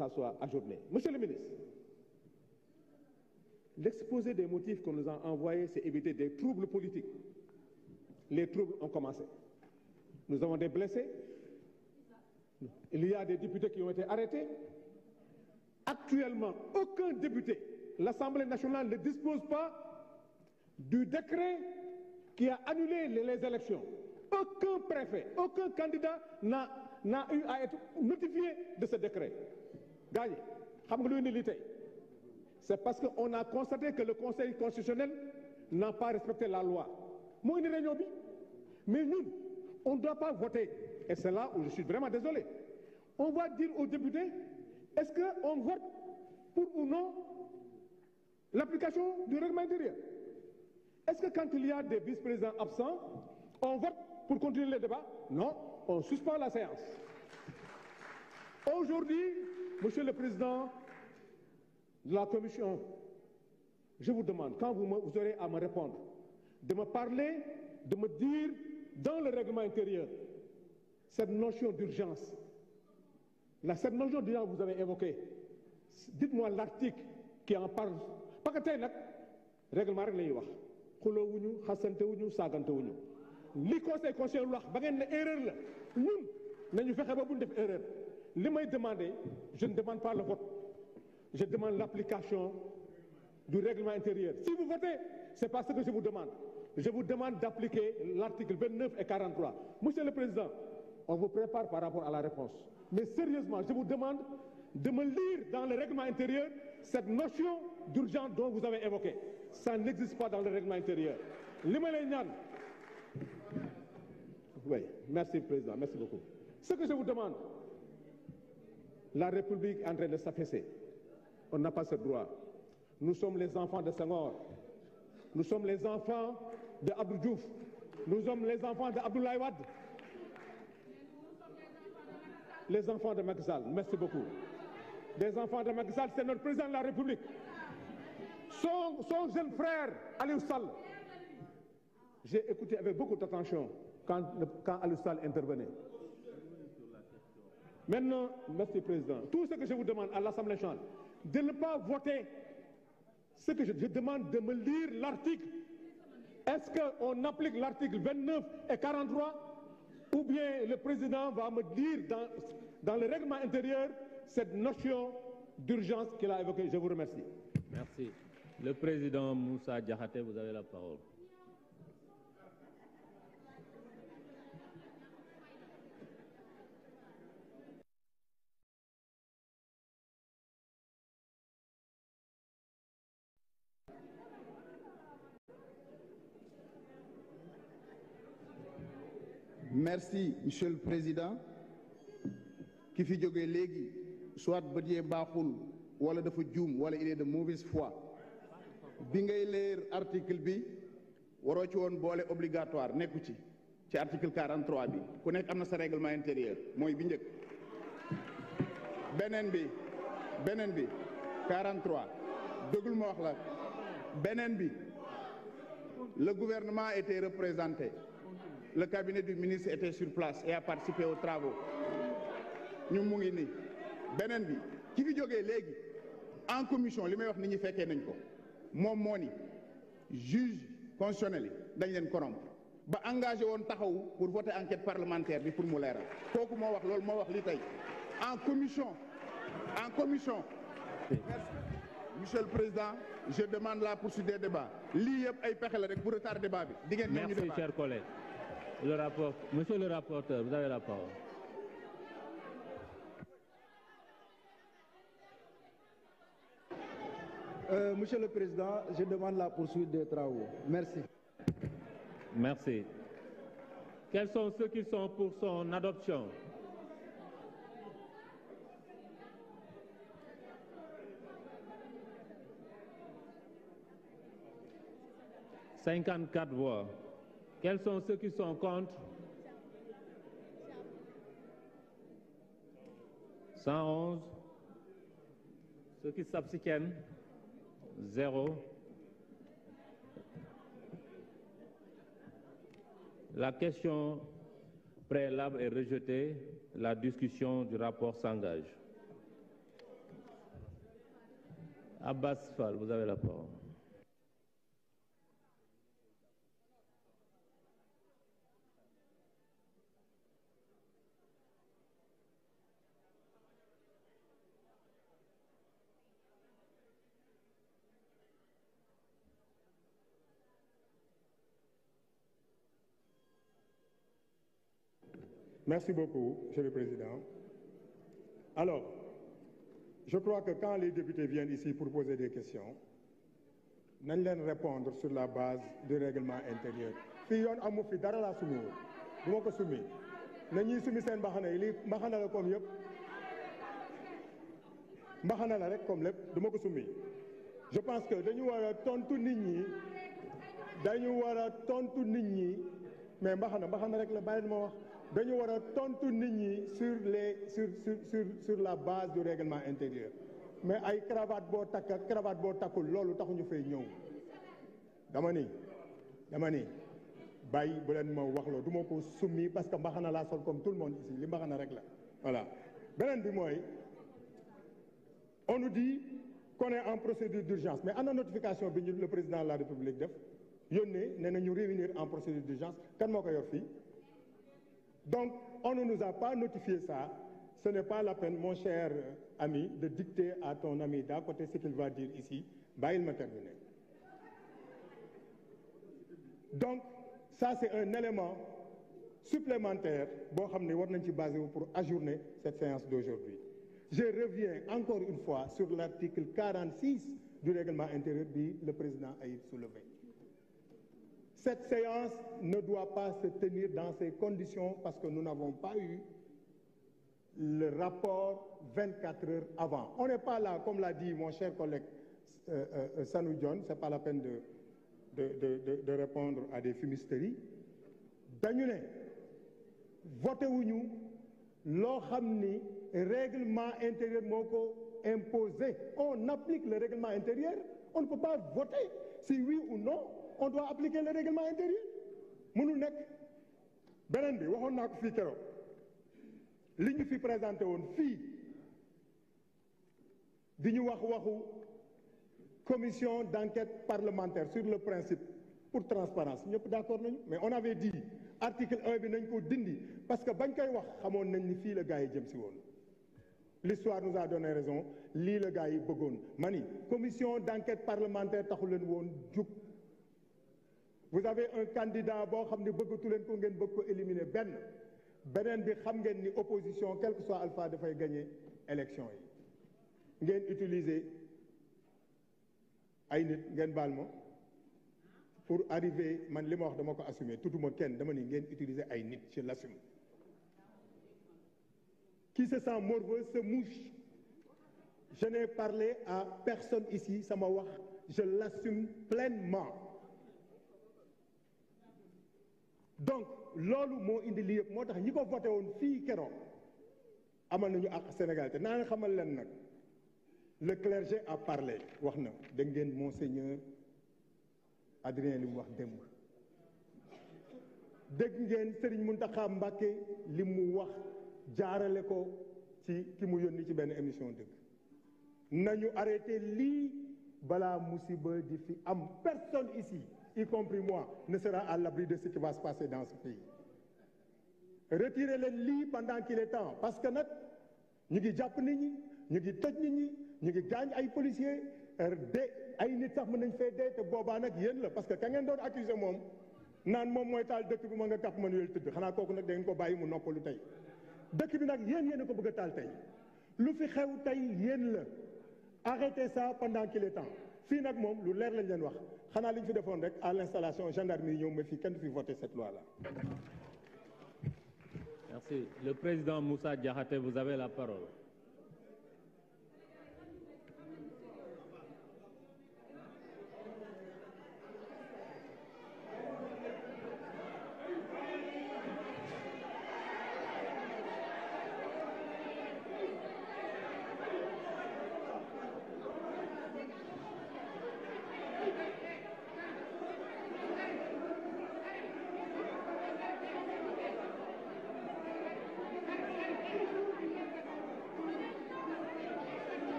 ça soit ajourné. Monsieur le ministre, l'exposé des motifs qu'on nous a envoyés, c'est éviter des troubles politiques. Les troubles ont commencé. Nous avons des blessés. Il y a des députés qui ont été arrêtés. Actuellement, aucun député, l'Assemblée nationale ne dispose pas du décret qui a annulé les élections. Aucun préfet, aucun candidat n'a eu à être notifié de ce décret. gars yi xam nga luy ni li tey c'est parce que on a constaté que le conseil constitutionnel n'a pas respecté la loi moo indi réunion mais ñun on ne doit pas voter et c'est là où je suis vraiment désolé on va dire aux députés est-ce que on vote pour ou non l'application du règlement intérieur est-ce que quand il y a des vice-présidents absents on vote pour continuer le débat non on suspend la séance aujourd'hui Monsieur le Président la Commission, je vous demande, quand vous, me, vous aurez à me répondre, de me parler, de me dire dans le règlement intérieur cette notion d'urgence. Cette notion d'urgence que vous avez évoquée, dites-moi l'article qui en parle. Parce que tey nag règlement rek la ñuy wax xuloo wuñu xasante wuñu saagante wuñu li conseil conseil lu wax ba ngeen ne erreur la ñun nañu fexe ba buñ def erreur. li may demander je demande pas le vote demande l'application du règlement intérieur si vous votez c'est pas ce que demande je vous demande d'appliquer l'article 29 et le président on vous prépare par rapport à la réponse mais sérieusement je vous demande de me lire dans le règlement intérieur cette notion d'urgence dont vous avez évoqué ça n'existe pas dans le règlement li ma lay ñaan oui merci président La République est en train de On n'a pas ce droit. Nous sommes les enfants de Senghor. Nous sommes les enfants de Abdou Diouf. Nous sommes les enfants d'Abdoulaye Wade. Les enfants de Macky Sall, merci beaucoup. Les enfants de Macky Sall, c'est notre président de la République. Son, son jeune frère, Aliou Sall. J'ai écouté avec beaucoup d'attention quand, quand Aliou intervenait. Maintenant, Monsieur le Président, tout ce que à l'Assemblée nationale, de ne pas voter demande de me lire l'article. Est-ce qu'on applique l'article 29 et 43 bien le président va me dire dans, dans le règlement intérieur cette notion d'urgence qu'il a Le président Moussa Diakhaté, merci monsieur le président ki fi jóge léegi soit bët yee baaxul wala dafa juum wala il est de mauvaise foi bi ngay leer article bi waroo ci woon boole obligatoire nekku ci ci article 43 bi ku nekk am na sa règlement intérieur mooy bi njëkk beneen bi beneen bi 43 dëggul ma wax la beneen bi le gouvernement été représenté le cabinet du ministre était sur place et a participé aux travaux ñu mu ngi nii beneen bi ki fi jógee léegi en commission li may wax ni ñi fekkee nañ ko moom moo ni juge constitutionnel yi dañ leen corrompre ba engage woon taxaw pour voter enquête parlementaire bi pour mu leeral kooku moo wax loolu moo wax li tey en commission en commission merci monsieur le président je demande la poursuite des débats lii yëpp ay pexe la rek pour retard débat bi di ngeen ñëw ñu débat merci cher le rapport, monsieur le rapporteur, vous avez la parole. Euh, monsieur le Président, je demande la poursuite des travaux. Merci. Merci. Quels sont ceux qui sont pour son adoption Cinquante-quatre voix. Quels sont ceux qui sont contre La question préalable est rejetée. La discussion du rapport s'engage. Abbas Fall, vous avez la parole. Merci beaucoup, Monsieur le Président. Alors, je crois que quand les députés viennent ici pour poser des questions, nañ leen répondre sur la base du règlement intérieur fii yoon amu fi dara laa sumi woon du ma ko sumi na ñuy sumi seen mbaxana yi lii mbaxana la comme yëpp mbaxana la rek comme lépp du ma ko sumi je pense que dañu war tontu nit ñi dañu war a tontu nit ñi mais mbaxana mbaxana rek la bàyyi ma wax dañu war a tontu nit ñi sur les sur sur sur la base du règlement intérieur mais ay cravate boo takk ak boo takkul loolu taxuñu fay ñëw dama ni dama ni bàyyi bu leen ma wax loo du ma ko summi parce que mbaxana laa sol comme tout le monde ici li mbaxana rek la voilà beneen bi mooy on nous dit qu'on est en procédure d'urgence mais ana notification bi ñu le président de la république def yónnee ne na ñu réunir en procédure d'urgence kenn moo ko yor fii Donc, on ne nous a pas ça. Ce pas la peine, mon euh, ami, de dicter à ton ami côté ce qu'il va dire ici. Bah, il m'a un élément supplémentaire boo xam ne war nañ ci basé wu pour ajourner cette séance d'aujourd'hui je reviens encore une fois sur l'article 46 du règlement intérieur bi le président a soulevé Cette séance ne doit pas se tenir parce que nous n'avons pas eu le rapport 24 heures avant. On n'est pas comme l'a dit mon cher collègue euh, euh, Sanou John, de, de, de, à des fumisteries. dañu ne voté wuñu loo xam ni règlement intérieur moo ko imposé on applique on doit appliquer le règlement intérieur mënul nekk beneen bi waxoon naa ko fii keroog li ñu fi présenté woon fii di ñu wax waxu commission d'enquête parlementaire sur le principe pour transparence ñëpp d'accord nañu mais on avait dit article bi nañ ko dindi parce que bañ koy wax xamoon nañ ni fii la gars yi jëm si woon l'histoire nous a donné raison lii la gars yi bëggoon ma ni commission d'enquête parlementaire taxu leen woon jug vous avez un candidat boo xam ne bëggatu leen ko ngeen bëgg ko éliminer benn beneen bi xam ngeen ni opposition quel que soit alpha dafay gagner élection yi ngeen utiliser ay nit ngeen baal ma pour arriver man li ma wax dama ko assumer tutuma kenn dama ni ngeen utiliser ay nit je l'assume qui se sent morveux se mouche je n'ai parlé à personne ici sama wax je l'assume pleinement donc loolu moo indi lii yëpp moo tax ñi ko voté woon fii keroog amal nañu ak Sénégal te naa nga xamal leen nag le clergé a parlé wax na dégg ngeen monseigneur Adrien li mu wax démb dégg ngeen mun Mountakha Mbacké li mu wax jaarale ko ci ki mu yónni ci benn émission dëgg nañu arrêté lii balaa musiba di fi am personne ici y compris moi, ne sera à l'abri de ce qui va se passer dans ce pays. Retirez le lit pendant qu'il est temps parce que nag ñu ngi jàpp nit ñi ñu ngi tëj nit ñi ñu ngi gaañ ay policiers er, de ay nit sax mën nañ fee de te boobaa nag yéen la parce que ka ngeen doon accuser moom naan moom mooy taal dëkk bi ma nga kàpp Manuel tëdd xanaa kooku nag da ko bàyyi mu lu tey dëkk bi nag yéen yéen a ko bëgg a taal tey lu fi xew tey yéen la arrêtez ça pendant qu'il est temps. fii nag moom lu leer lañ leen wax xanaa li ñu fi defoon rek à l'installation gendarmerie ñëw mais fii kenn du fi voté cette loi là. Le président Moussa Diakhaté, vous avez la parole.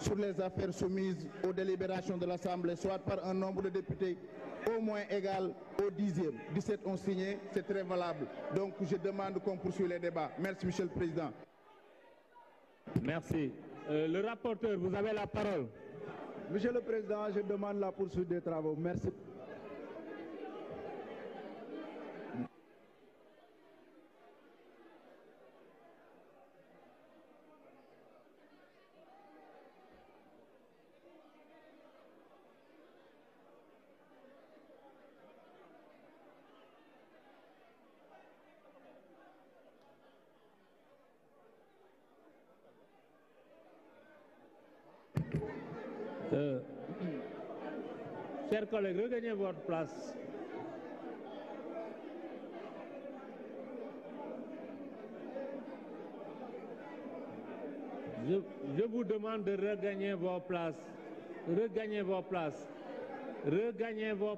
sur les affaires soumises aux délibérations de l'Assemblée, soit par un nombre de députés au moins égal au dixième. 17 ont signé, c'est très valable. Donc je demande qu'on poursuive les débats. Merci, Monsieur le Président. Merci. Euh, le rapporteur, vous avez la parole. Monsieur le Président, je demande la poursuite des travaux. Merci. Chers collègues, regagnez votre place. Je, je, vous demande de regagner vos places. Regagnez vos places. regagner vos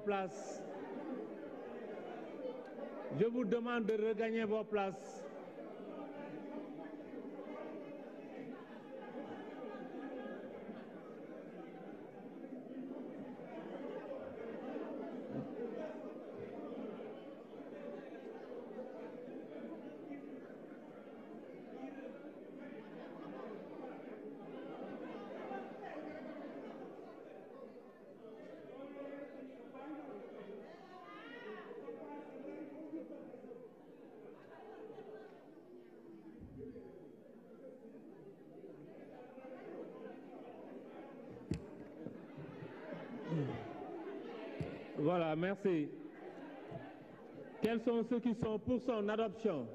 places. Voilà, merci. Quels sont son adoption